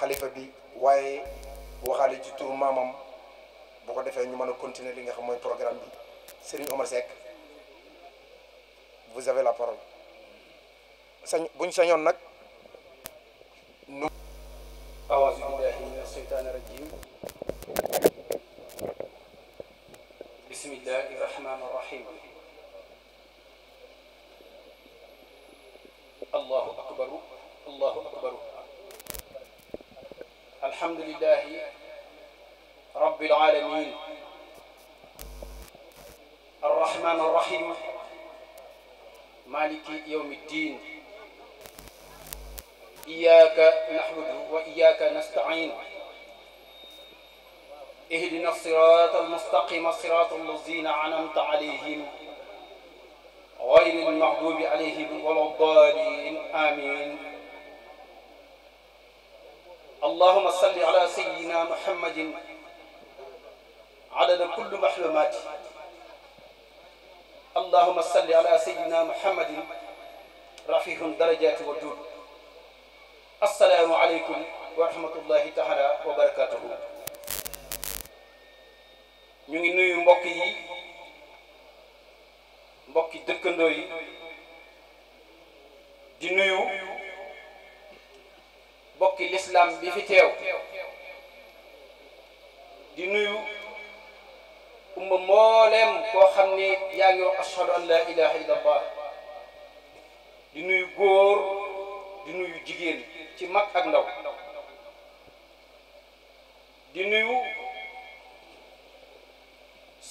khalifa bi waye waxaale ci tour mamam bu ko defé ñu mëna continuer li nga xam moy programme bi Serigne Omar Seck vous avez la parole sañ buñ sañoon nag nu awasu billahi min asheytaani rajim bismillahir rahmanir rahim الحمد لله رب العالمين الرحمن الرحيم مالك يوم الدين إياك نحمده وإياك نستعين اهدنا الصراط المستقيم صراط الذين أنعمت عليهم غير المغضوب عليهم ولا الضالين آمين allahuma salli ala sayidina muhammadin adada kulli maxlumaati allahuma salli ala sayidina muhammadin rafihum darajaati wa duud assalaamu aleykum wa rahmatullahi taala wa barakatuhu ñu ngi nuyu mbokk yi mbokki dëkkandoo yi di nuyu bokki lislaam bi fi teew di nuyu umma mbooleem koo xam ni yaa ngi wax ashhadu an la ilaha di nuyu góor di nuyu jigéen ci mag ak ndaw di nuyu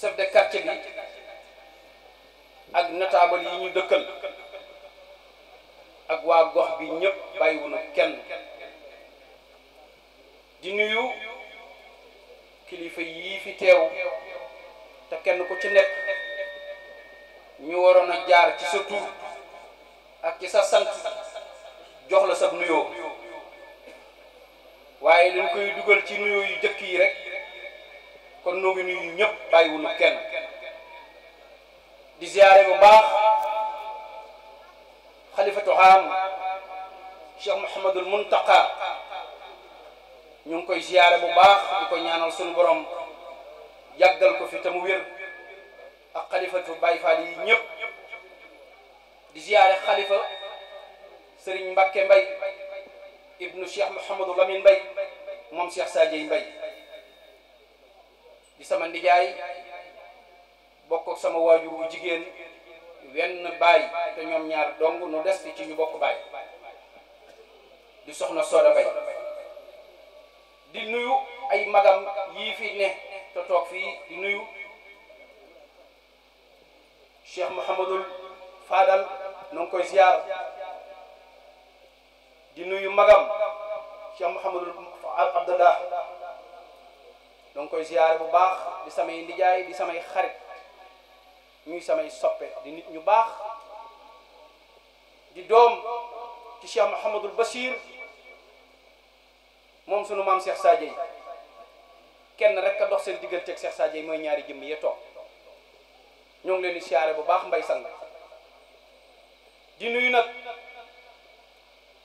chef de quartier ak notable yi ñu dëkkal ak waa gox bi ñëpp bàyyiwuna kenn di nuyu kilifa yii fi teew te kenn ku ci nekk ñu waroon a jaar ci sa tur ak ci sa sant jox la sa nuyoo waaye dañ koy dugal ci nuyoo yu jëkk yi rek kon noo ngi nuyu ñëpp bàyyiwuñu kenn di ziare bu baax xalifatu am Cheikh Mouhamadul Muntaqa ñu ngi koy ziyaare bu baax di ko ñaanal suñu borom yàggal ko fi te mu wér ak xalifatu Baye Fall yi ñëpp di ziyaare xalifa Serigne Mbacke Mbay ibnu Cheikh Mouhamadou Lamine Mbay moom Cheikh Sadiye Mbay di sama ndijaay bokk sama waajur wu jigéen wenn baay te ñoom ñaar dong nu des ci ñu bokk baay di soxna Soda Mbay di nuyu ay magam yi fi ne to tok fi di nuyu Cheikh mohammedul Fadal nu koy ziar di nuyu magam Cheikh Mouhamadul Abdallah nu koy ziar bu bax di samay ndijay di samay xarit ñuy samay soppe di nit ñu bax di dom ci Cheikh mohammedul basir moom sunu maam Cheikh Sa Dieye kenn rek a dox seen diggante ak Cheikh Sa Dieye mooy ñaari jëmm yee toog ñoo ngi leen di siyaare bu baax mbay sang di nuyu nag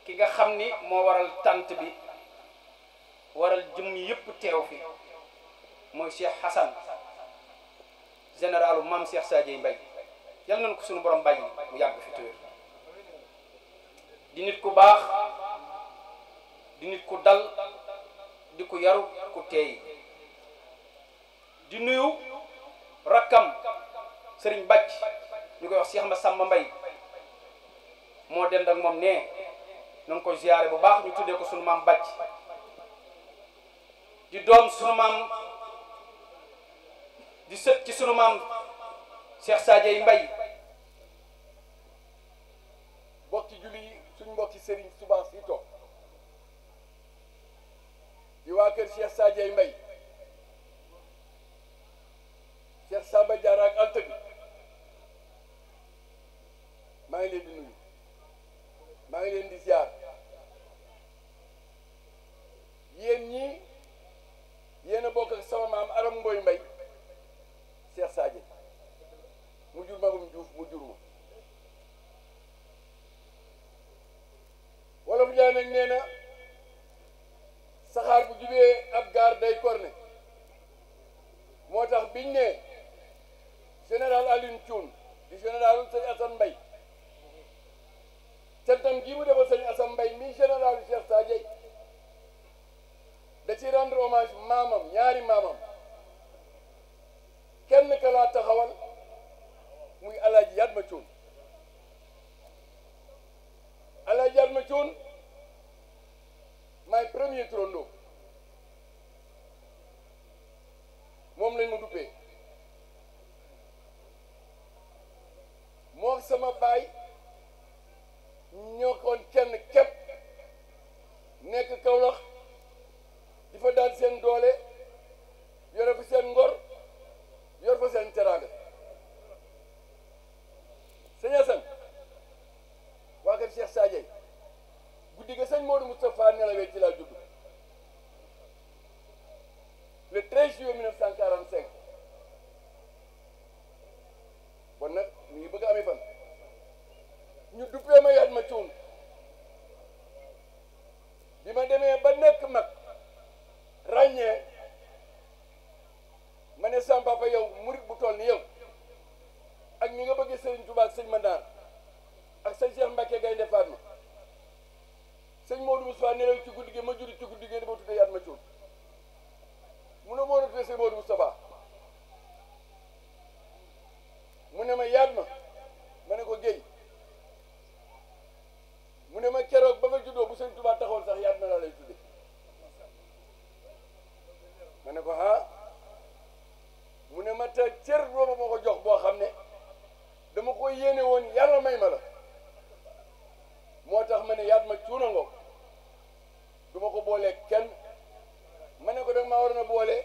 ki nga xam ni moo waral tànt bi waral jëmm yëpp teew fi mooy Cheikh Hassan généralu maam Cheikh Sa Dieye Mbaye yal nañu ko suñu borom bàyyi mu yàgg fi tuur di nit ku baax. di nit ku dal di ku yaru ku teey di nuyu rakkam sëriñ bàcc ñu koy wax Cheikh Ahmed Samba Mbay moo dend ak moom nee na ko ziyaare bu baax ñu tuddee ko sunu maam bàcc di doom sunu maam di sët ci sunu maam Cheikh Sadiay Mbay mbokki julli yi suñ mbokki sëriñ subaa fii toog di waa kër Cheikh Sadio Mbaye Cheikh Samba Diarra ak Anta maa ngi leen di nuyu maa ngi leen di ziar yéen ñii yéen a bokk ak sama maam Aram Mboy Mbaye Cheikh Sadio mu jur magum Diouf mu jur ma wolof Njaay nag nee சங்கங்களை வைத்து ne yaat ma cuuna ngoog du ma ko boolee kenn ma ne ko danga ma waroon a boole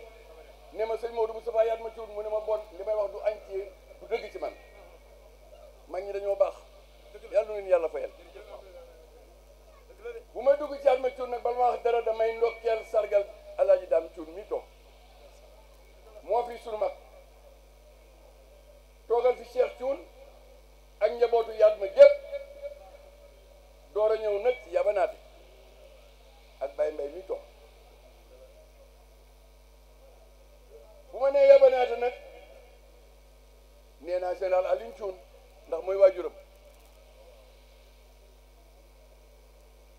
ne ma sëñ Maodo Moustapha yaat ma cuun mu ne ma bon li may wax du añ ci du dëgg ci man mag ñi dañoo baax yàlla nu leen yàlla fayal bu may dugg ci yaat ma cuun nag bala ma wax dara damay ndokkeel sargal alaaji daam cuun mi toog moo fi sunu mag toogal fi Cheikh Cuun ak njabootu yaat ma gépp door a ñëw nag ci yabanaate ak bay mbay mi toog bu ma nee yabanaate nag nee naa général Alioune Thioune ndax mooy waajuram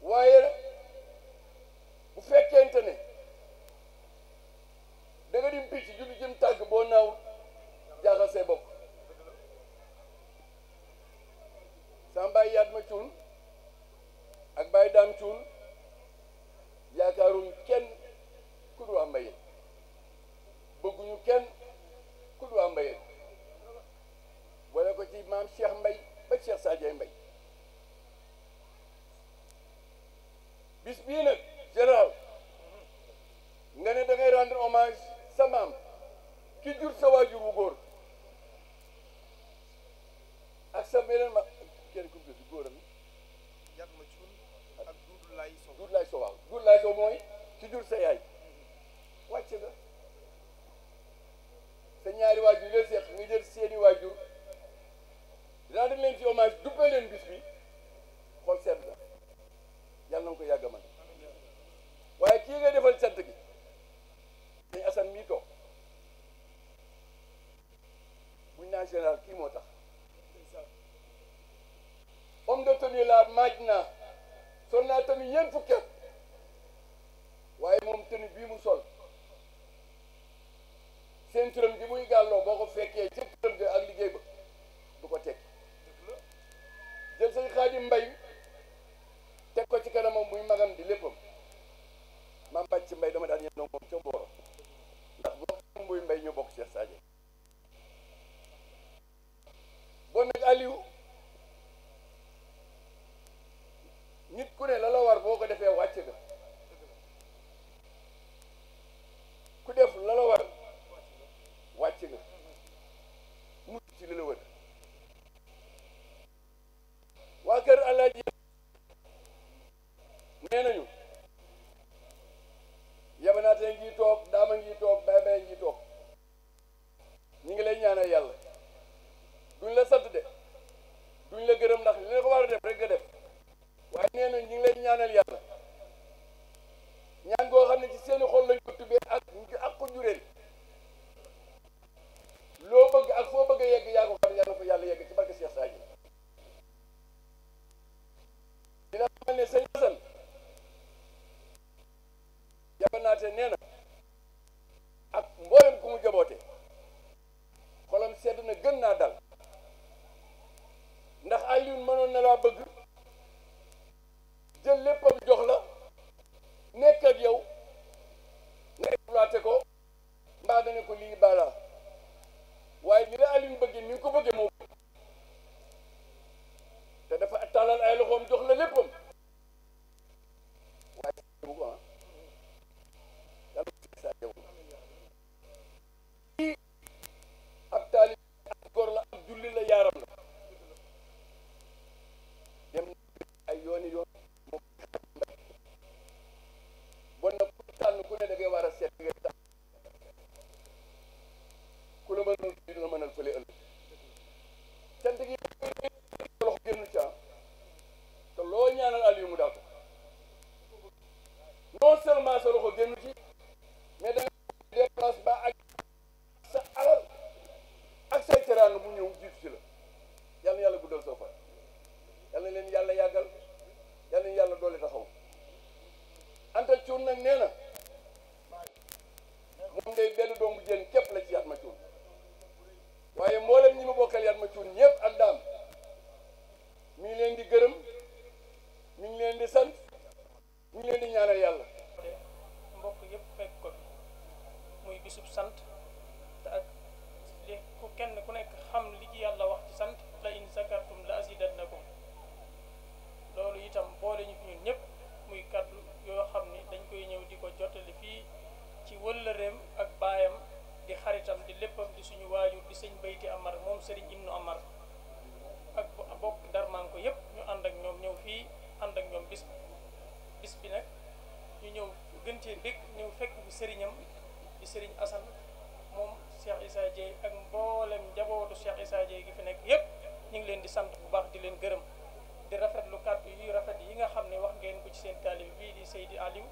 waaye bu fekkente ne da nga di picc may leen bis xool sedd la yàlla nga ko yàgg man waaye kii ngay defal sant gi dañ asan mii toog buñ naa général kii moo tax homme de tenue laa maaj naa sol naa tenue ñeent fukki waaye moom tenue bii mu sol seen turam gi muy gàlloo boo ko fekk up a waajur di sëñ bayti amar moom seriñ sëriñ ibnu amar ak bokk darman ko yëpp ñu ànd ak ñoom ñëw fii ànd ak ñoom bis bis bi nag ñu ñëw gën cee bég ñëw fekk bi sëriñam di sëriñ asan moom Cheikh Issa Dieye ak mboolem njabootu Cheikh Issa Dieye gi fi nekk yëpp ñu ngi leen di sant bu baax di leen gërëm di rafetlu kàddu yi rafet yi nga xam ne wax ngeen ko ci seen taalib bii di Seydi Aliou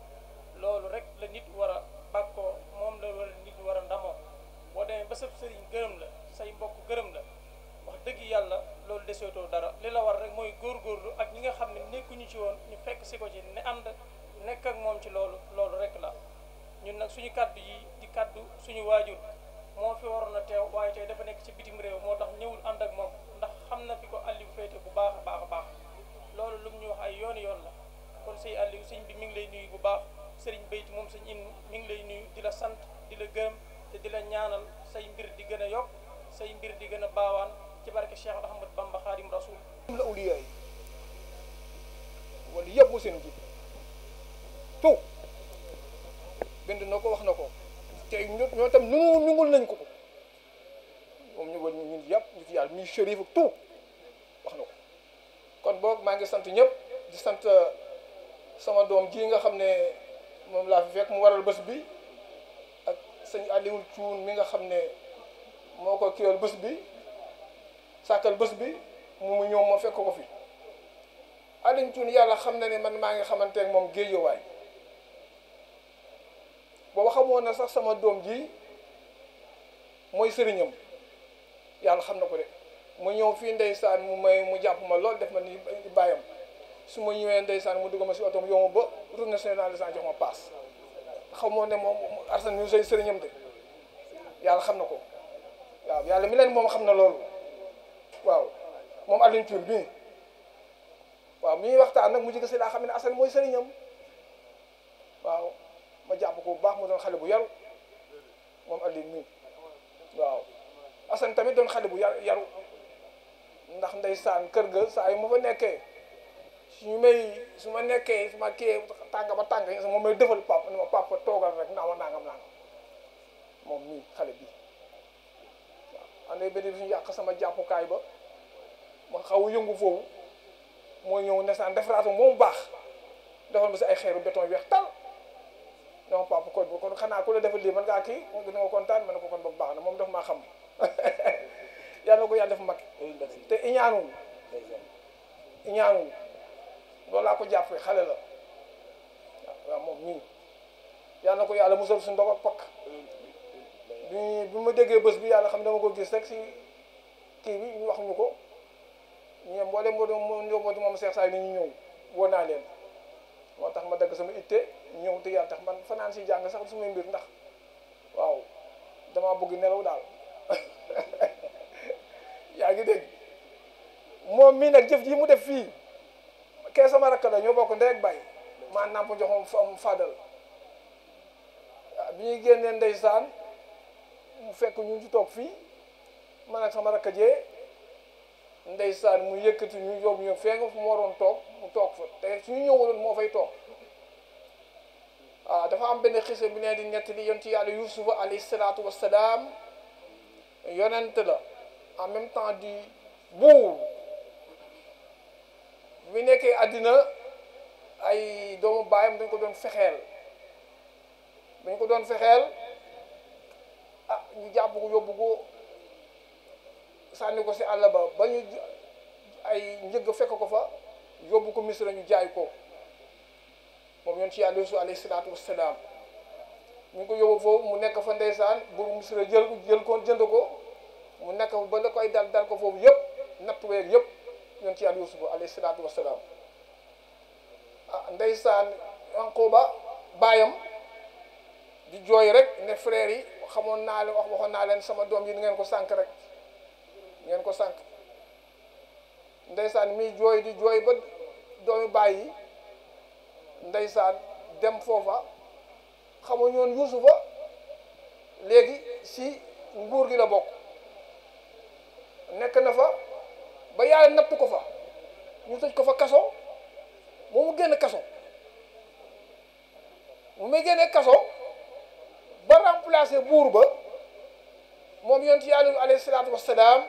loolu rek la nit war a bàkkoo moom la war a nit war a ndamoo boo demee ba sab sëriñ gërëm la say mbokk gërëm la wax dëgg yàlla loolu deseetoo dara li la war rek mooy góor góorgóorlu ak ñi nga xam ne nekkuñu ci woon ñu fekk si ko ci ne ànd nekk ak moom ci loolu loolu rek la ñun nag suñu kàddu yi di kàddu suñu waajur moo fi waroon a teew waaye tey dafa nekk ci bitim réew moo tax ñëwul ànd ak moom ndax xam na fi ko Aliou féete bu baax a baax a baax loolu lu mu ñu wax ay yoon yoon la kon sëñ Aliou sëñ bi mi ngi lay nuyu bu baax sëriñ Bayti moom sëñ in mi ngi lay nuyu di la sant di la gërëm te di la ñaanal say mbir di gën a yokk say mbir di gën a baawaan ci barke Cheikh Ahmad Bamba Xaadim Rasul la awliya yi wala yëpp mu seen ji tout bind na ko wax na ko te ñoo tam nu mu nungul nañ ko ko moom ñu wër ñun yëpp ñu ci yàlla muy shérif ak wax na ko kon boog maa ngi sant ñëpp di sant euh, sama doom ji nga xam ne moom laa fi fekk mu waral bés bi sëñ Aliou Thioune mi nga xam ne moo ko kiiwal bës bi sàkkal bés bi mu ñëw ma fekk ko fi Aliou Thioune yàlla xam na ne man maa ngi xamante ak moom géejuwaay booba xamoon na sax sama doom ji mooy sëriñam yàlla xam na ko de mu ñëw fii ndeysaan mu may mu jàpp ma lool def ma ni bàyyam su ma ñëwee ndeysaan mu dugg ma si otom yow ba route nationale de jox ma paas xamoo ne moom Arsène ñun sooy sëriñam de yàlla xam na ko waaw yàlla mi leen moom xam na loolu waaw moom Alioune Tine bii waaw mi waxtaan nag mu jëkk si laa xam ne Arsène mooy sëriñam waaw ma jàpp ko bu baax mu doon xale bu yaru moom Alioune mii waaw Arsène tamit doon xale bu yaru yaru ndax saan kër ga saa yu ma fa nekkee su ñu may su ma nekkee su ma kiyee tàng ba tàng yi moom may defal papa ni ma papa toogal rek naa ma nangam nangam moom nii xale bi waaw andona benn bi suñu yàq sama jàppukaay ba ma xaw yëngu foofu mooy ñëw nesaan defaraatu moom baax defal ma si ay xeeru béton weex tal non papa kon kon xanaa ku la lii man ngaa kii mu gën nga kontaan ma ne ko kon ba baax na moom daf maa xam yàlla na ko yàlla def mag te iñaanul iñaanul loolu laa ko jàppee xale la waaw moom ñun yàlla na ko yàlla musal suñu ndox ak pakk bi bi ma déggee bës bi yàlla xam ne dama ko gis rek si kii bi ñu wax ñu ko ñu mboolem moo doon moo njobootu moom ni ñu ñëw woo naa leen moo tax ma dagg sama itte ñëw te yàlla tax man fanaan si jàng sax sumay mbir ndax waaw damaa bëgg nelaw daal yaa ngi dégg moom mii nag jëf ji mu def fii kee sama rakk la ñoo bokk ndey ak bàyyi ma namp joxoom fam fadal bi ñuy génnee ndeysaan mu fekk ñu ci toog fii man ak sama rakk jee ndeysaan mu yëkkati ñu yóbbu ñu fee fu mu waroon toog mu toog fa te suñu ñëwuloon moo fay toog waaw dafa am benn xisa bi ne di nettali yonent yàlla Yuusufa alayhi salaatu wassalaam yonent la en même temps di buur bi nekkee àddina ay doomu baayam dañ ko doon fexeel dañ ko doon fexeel ah ñu jàpp ko yóbbu ko sànni ko si àll ba ba ñu ay njëgg fekk ko fa yóbbu ko misra ñu jaay ko moom yoon ci yàlla su alayhi salaatu wassalaam ñu ko yóbbu foofu mu nekk fa ndeysaan bu misra jël jël ko jënd ko mu nekk ba la koy dal dal ko foofu yëpp nattuweeg yëpp yoon ci yàlla Yuusuf alayhi salaatu wassalaam Ah, ndeysaan ba baayam di jooy rek ne frère yi xamoon naa leen wax waxoon naa leen sama doom yi ni ngeen ko sànk rek ngeen ko sànk ndeysaan mi jooy di jooy ba doomi baay yi ndeysaan dem foofa xamuñu woon Yuusufa léegi si nguur gi la bokk nekk na fa ba yàlla napp ko fa ñu ko fa kaso moo ma génn kaso mu may génne kaso ba remplacer buur ba moom yonent yàlla alayhi salaatu wassalaam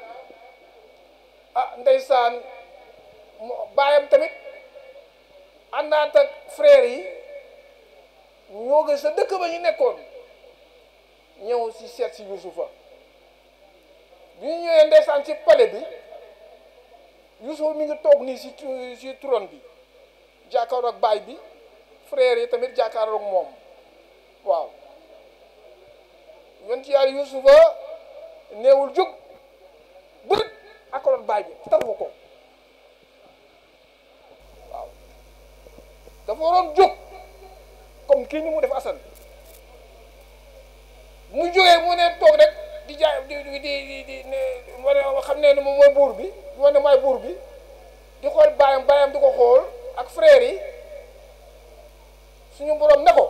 ah ndeysaan baayam tamit àndaat ak frère yi ñoo gën sa dëkk ba ñu nekkoon ñëw si seet si Yuusufa bi ñu ñëwee ndeysaan ci palais bi Yuusufa mi ngi toog nii si si trône bi jàkkaaroog baay bi frère tamit jàkkaaroog moom waaw yonent yàlla yusufa néewul jóg bërëb akaloon baay bi taxu ko waaw dafa waroon jóg comme kii ni mu def asan mu jógee mu ne toog rek di jaay di di di di ne xam ne ne moom mooy buur bi wane maay buur bi di xool baayam baayam di ko xool ak frère yi suñu borom ne ko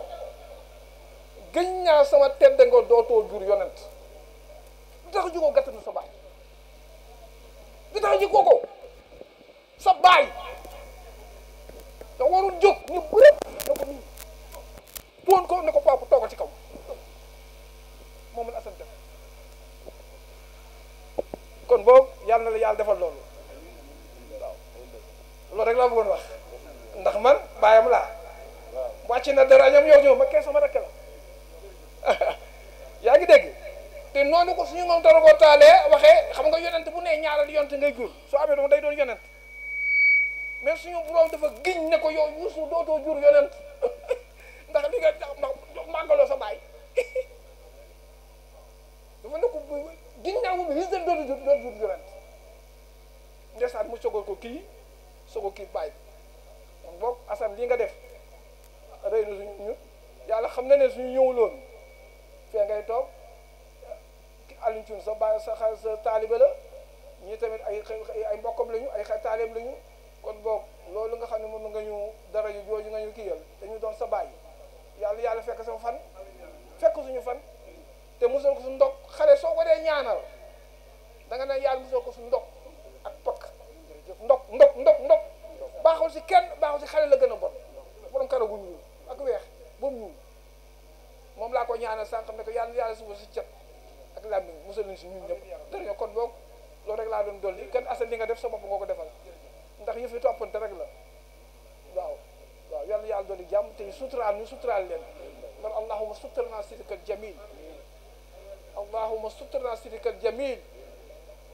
gëñ naa sama tedd nga dootoo jur yonent du tax jikoo gàtt na sa baay du tax ji ko sa baay da warul jóg ñu bërëb na ko nii tuwoon ko ne ko papa toogal ci kaw moom asan def kon boobu yàlla na la yàlla defal loolu waaw loolu rek laa bëggoon wax ndax man bàyyam laa wàcc na dara ñoom yow ñëw ma kee sama rakk la yaa ngi dégg te noonu ko suñu moom ta koo taalee waxee xam nga yonent bu ne ñaaral yonent ngay jur soo amee doom day doon yonent mais suñu borom dafa ne ko yow Yuusu dootoo jur yonent ndax li nga sa baay dafa ne ko giñ naa moom risque dootu jur dootu jur yonent ndeysaan mu sogo ko kii sogo kii bàyyi kon boog Assane li nga def rëy suñu ñun yàlla xam na ne suñu ñëwuloon fee ngay toog Alioune Tine sa baay sa xar sa taalibe la ñii tamit ay ay mbokkam lañu ay xar taalibe lañu kon boog loolu nga xam ne mën nga ñu dara yu jooju nga ñu kii yal dañu doon sa baay yàlla yàlla fekk sa fan fekk suñu fan te musal ko su ndog xale soo ko dee ñaanal danga nga yàlla musal ko su ndog ak pakk ndog ndog ndog ndog baaxul si kenn baaxul si xale la gën a bon borom karaw gu ñuul ak weex boobu ñuul moom laa ko ñaanal sànq ne ko yàlla yàlla suba si cet ak làmmiñ musal nañ si ñun ñëpp dëgg kon boog loolu rek laa doon dolli kan asal li nga def sa bopp nga ko defal ndax yëf yi toppante rek la waaw waaw yàlla yàlla dolli jàmm te suturaal ñu suturaal leen man allahuma suturna sidikal jamil allahuma suturna sidikal jamil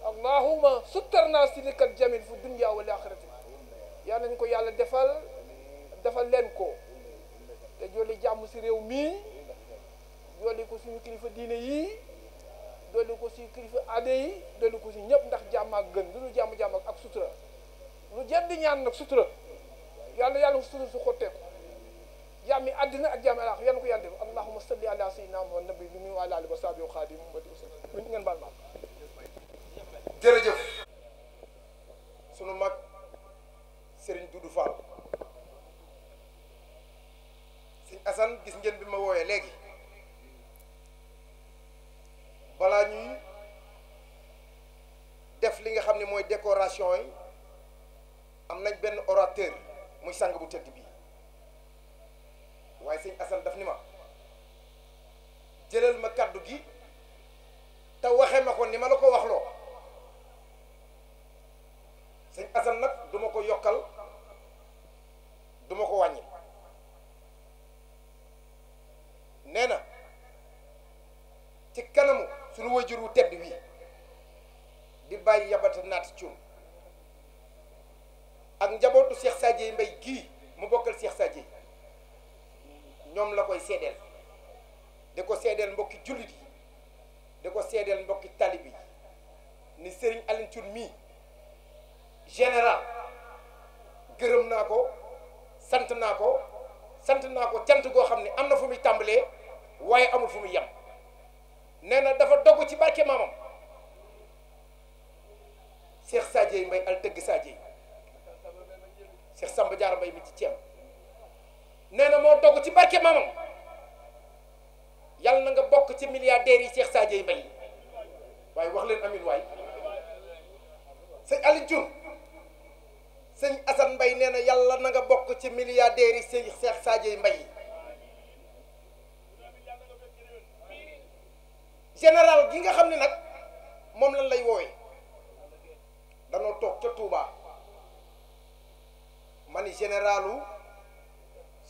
allahuma suturna sidikal jamil fu dunya wal axirati yal nañ ko yàlla defal defal leen ko te jolli jàmm si réew mii dolli ko suñu kilifa diine yi dolli ko suñu kilifa aada yi dolli ko si ñëpp ndax jàmm ak gën lu dul jàmm jàmm ak sutura lu jar di ñaan nag sutura yàlla yàlla sutura su xotteeku jàmmi àddina ak jàmmi àllaax yan ko yàlla def allahumma salli ala sayyidina muhammad nabi bi muy wa ala alihi wa sahbihi wa xaadim ngeen baal ma jërëjëf sunu Serigne Doudou Fall Serigne Assane gis ngeen bi ma woowee léegi balaa ñuy def li nga xam ni mooy décoration yi am nañ benn orateur muy sang bu tëdd bi waaye Serigne Assane daf ni ma jëlal ma kàddu gi te waxe ma ko ni ma la ko waxloo Serigne Assane nag duma ko yokkal du ko wàññi nee na ci kanamu suñu wajur wu tedd bi di bàyyi yabata naat cun ak njabootu Cheikh Sadie Mbaye gii mu bokkal Cheikh Sadie ñoom la koy seedeel di ko seedeel mbokki jullit yi di ko seedeel mbokki talib yi ni Serigne Alioune Thioune mii général gërëm naa ko sant naa ko sant naa ko cant goo xam ne am na fu muy tàmbalee waaye amul fu muy yem nee na dafa dogg ci barke maamam Cheikh Sadie Mbaye al dëgg Sadie Cheikh Samba Diarra Mbaye mi ci ceeb nee na moo dogg ci barke maamam yàlla na nga bokk ci milliardaires yi Cheikh Sadie Mbaye waaye wax leen amin waay sëñ Aliou sëñ Assane mbay nee na yàlla na nga bokk ci milliardaires yi sëñ Cheikh Sadio Mbaye général gi nga xam ni nag moom lan lay woowee danoo toog ca Touba ma ni généralu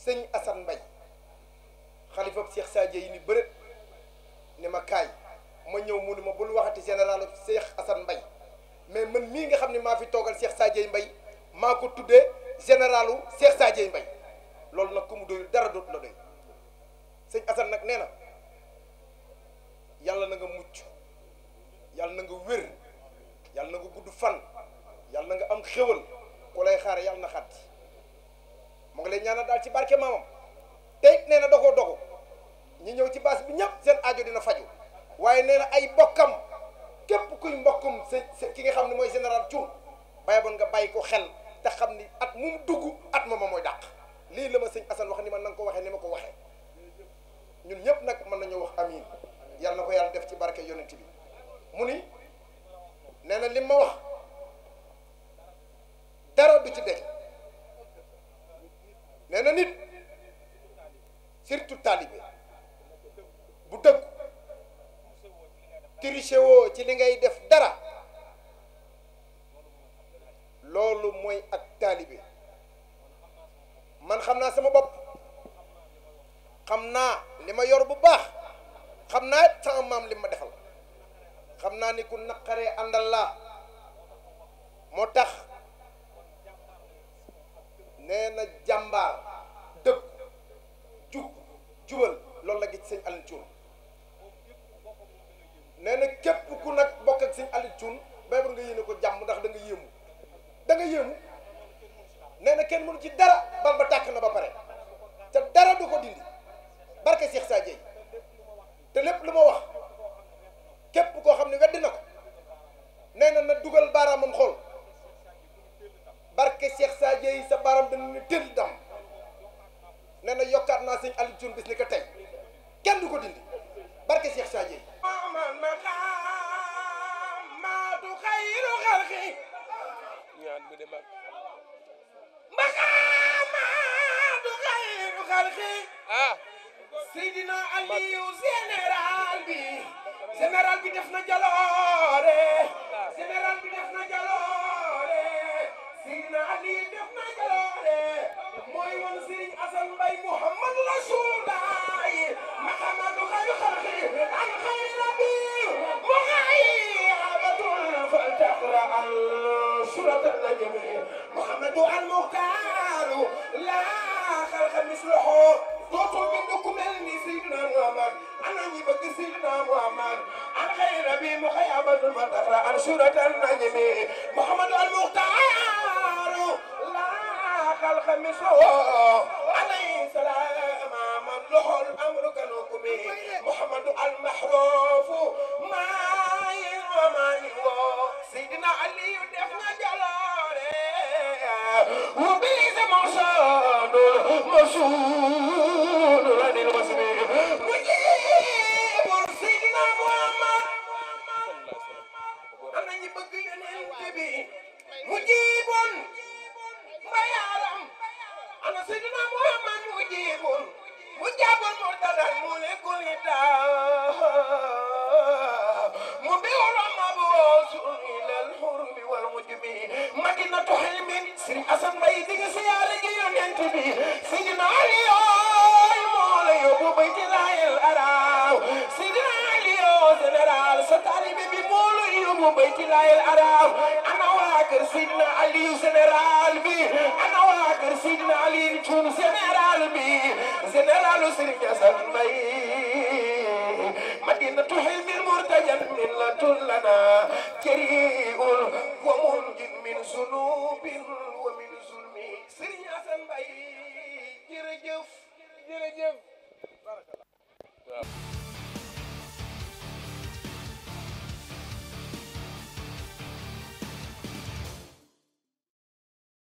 sëñ Assane Mbaye xalifab seex Sadio yi ni bërët ni ma kaay ma ñëw mu ni ma bul waxati généralu Cheikh Assane mbay mais man mii nga xam ne maa fi toogal Cheikh Sadio mbay maa ko tuddee généralu Cheikh Sadio Mbaye loolu nag ku mu doyul dara dootu la doy sëñ Assane nag nee na yàlla na nga mucc yàlla na nga wér yàlla na nga gudd fan yàlla na nga am xéwal ku lay xaar yàlla na xàtti mu ngi lay ñaanal daal ci barke maamam tey nee na dogoo dogo ñi ñëw ci baas bi ñëpp seen aajo dina faju waaye nee na ay bokkam képp kuy mbokkum sa ki nga xam ne mooy général Thioune bàyyi bon nga bàyyi ko xel te xam ni at mu dugg at ma ma mooy dàq lii la ma sëñ Assane wax ni man na nga ko waxee ni ma ko waxee ñun ñëpp nag mën nañoo wax amiin yàlla na ko yàlla def ci barke yonent bi mu ni nee na lim ma wax dara du ci de nee na nit surtout taalibe bu dëgg triché woo ci li ngay def dara loolu mooy ak taalibe man xam naa sama bopp xam naa li ma yor bu baax xam naa sama maam li ma defal xam naa ni ku naqaree àndal laa moo tax nee na jàmbaar dëgg jub jubal loolu la gis sëñ Alioune Thioune nee na képp ku nag bokk ak sëñ Alioune Thioune béy nga yéene ko jàmm ndax da nga da nga yéemu na kenn mënu ci dara bal ba tàkk na ba pare te dara du ko dindi barke Cheikh Sa Dieye te lépp lu ma wax képp koo xam ne weddi na ko nee na na dugal baaraamam xol barke Cheikh Sa Dieye sa baaraam dana ne tël dam nee na yokkaat naa sëñ Aliou Thioune bis ni ko tey kenn du ko dindi barke Cheikh Sa Dieye. ñaan bu de mag Mahamadu xayru xalqi ah Seydina Aliou général bi général bi def na jaloore ah. général bi def na jaloore Seydina Aliou def na jaloore mooy woon Serigne Assane Mbaye Mouhamad Rasoulaay Mahamadu xayru xalqi al xayra bi mu xayyabatul fa taqra Allah نصرة النجم محمد المختار لا خلق مثله dootul bind ku mel ni Seydina Muhammad ana ñi bëgg Seydina Muhammad an xayra bi mu xay abadul matara an surat al najmi Muhammad al Muxtaar la xalqa misoo alayhi salaam man loxol amru kanu kumi Muhammad al Maxruuf maayin wa maayin woo Seydina Aliyu def na jaloore mu biise mosoonul mosuulul anil muslim mu jiibul Seydina Muhammad am na ñu bëgg yonent mu jiibul mu jiibul mu mu dalal mu ne mu biwul ma bu bi madinatu xilmin sëriñ Asan Mbay di nga siyaare ji yonent bi sidina Ali yooy moo la yóbbu bayti laayel araaw sa taalibe bi moo la yóbbu bayti laayel ana waa kër sidina Aliyu général bi ana waa kër sidina Aliyu Cuun général bi généralu sëriñ Asan Mbay madinatu xilmin murtajan min la tullana jariul wa mun min zunubin wa min zulmi Serigne Assane Mbaye jërëjëf jërëjëf